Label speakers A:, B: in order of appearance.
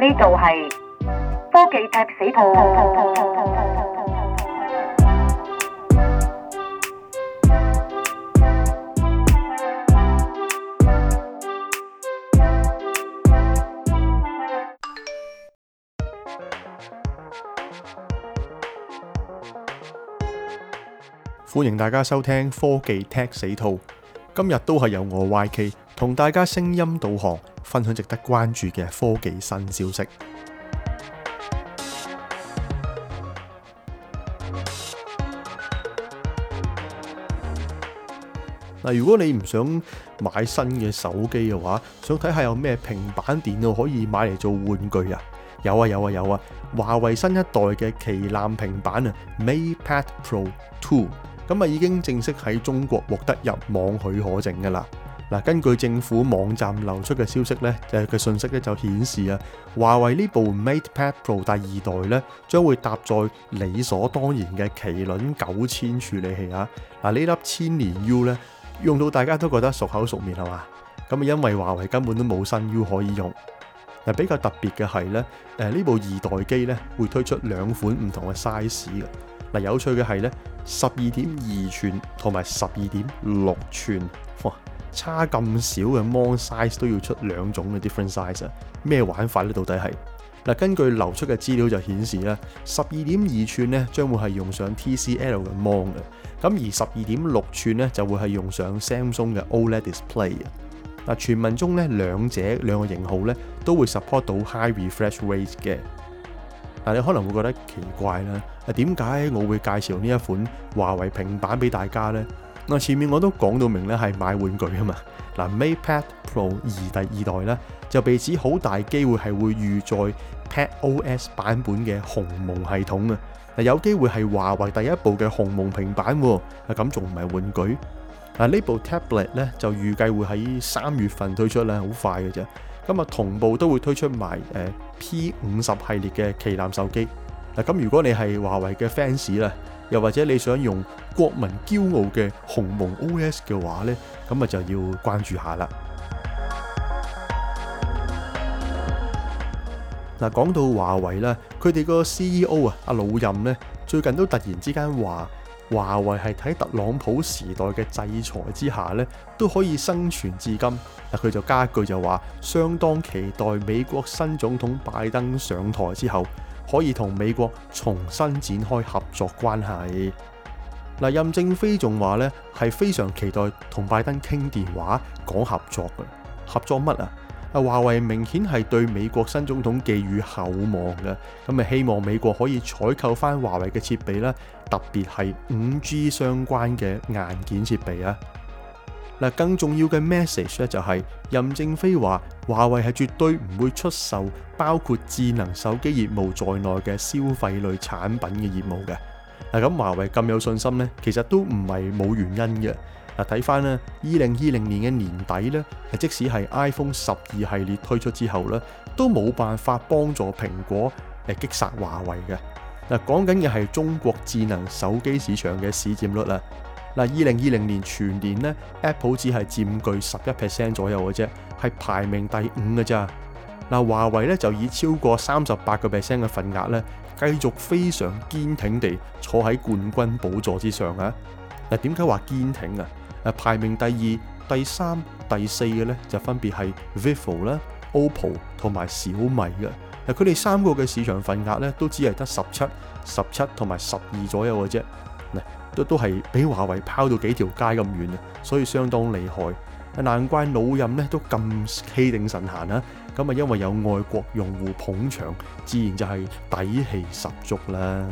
A: 呢度係科技踢死兔，歡迎大家收聽科技踢死兔。今日都係由我 YK 同大家聲音導航。分享值得關注嘅科技新消息。嗱，如果你唔想買新嘅手機嘅話，想睇下有咩平板電腦可以買嚟做玩具啊？有啊，有啊，有啊！華為新一代嘅旗艦平板啊 MatePad Pro Two，咁啊已經正式喺中國獲得入網許可證噶啦。嗱，根據政府網站流出嘅消息咧，誒嘅信息咧就顯示啊，華為呢部 MatePad Pro 第二代咧將會搭載理所當然嘅麒麟九千處理器啊。嗱，呢粒千年 U 咧用到大家都覺得熟口熟面係嘛？咁啊，因為華為根本都冇新 U 可以用。嗱，比較特別嘅係咧，誒呢部二代機咧會推出兩款唔同嘅 size 嘅嗱。有趣嘅係咧，十二點二吋同埋十二點六吋，哇！差咁少嘅 mon size 都要出兩種嘅 different size 啊？咩玩法呢？到底係嗱？根據流出嘅資料就顯示咧，十二點二寸咧將會係用上 TCL 嘅 mon 嘅，咁而十二點六寸咧就會係用上 Samsung 嘅 OLED display 啊。嗱，傳聞中咧兩者兩個型號咧都會 support 到 high refresh rate 嘅。但你可能會覺得奇怪啦，點解我會介紹呢一款華為平板俾大家呢？我前面我都講到明咧，係買玩具啊嘛。嗱，Mate Pad Pro 二第二代咧，就被指好大機會係會預載 PadOS 版本嘅鴻蒙系統啊！嗱，有機會係華為第一部嘅鴻蒙平板喎，咁仲唔係玩具？嗱，呢部 tablet 咧就預計會喺三月份推出啦，好快嘅啫。咁啊，同步都會推出埋誒 P 五十系列嘅旗艦手機。嗱，咁如果你係華為嘅 fans 啦，又或者你想用國民驕傲嘅鴻蒙 OS 嘅話呢，咁啊就要關注一下啦。嗱，講到華為啦，佢哋個 CEO 啊，阿老任咧，最近都突然之間話。華為係喺特朗普時代嘅制裁之下咧，都可以生存至今。嗱，佢就加一句就話，相當期待美國新總統拜登上台之後，可以同美國重新展開合作關係。嗱，任正非仲話咧，係非常期待同拜登傾電話，講合作嘅，合作乜啊？華為明顯係對美國新總統寄予厚望嘅，咁希望美國可以採購翻華為嘅設備啦，特別係五 G 相關嘅硬件設備啊！嗱，更重要嘅 message 咧就係、是、任正非話，華為係絕對唔會出售包括智能手機業務在內嘅消費類產品嘅業務嘅。嗱，咁華為咁有信心呢，其實都唔係冇原因嘅。嗱，睇翻咧，二零二零年嘅年底咧，即使係 iPhone 十二系列推出之後咧，都冇辦法幫助蘋果嚟擊殺華為嘅。嗱，講緊嘅係中國智能手機市場嘅市佔率啊。嗱，二零二零年全年咧，Apple 只係佔據十一 percent 左右嘅啫，係排名第五嘅啫。嗱，華為咧就以超過三十八個 percent 嘅份額咧，繼續非常堅挺地坐喺冠軍寶座之上啊。嗱，點解話堅挺啊？排名第二、第三、第四嘅咧，就分別係 Vivo 啦、OPPO 同埋小米嘅。嗱，佢哋三個嘅市場份額咧，都只係得十七、十七同埋十二左右嘅啫。都都係比華為拋到幾條街咁遠啊，所以相當厲害。啊，難怪老任咧都咁氣定神閒啦。咁啊，因為有外國用戶捧場，自然就係底氣十足啦。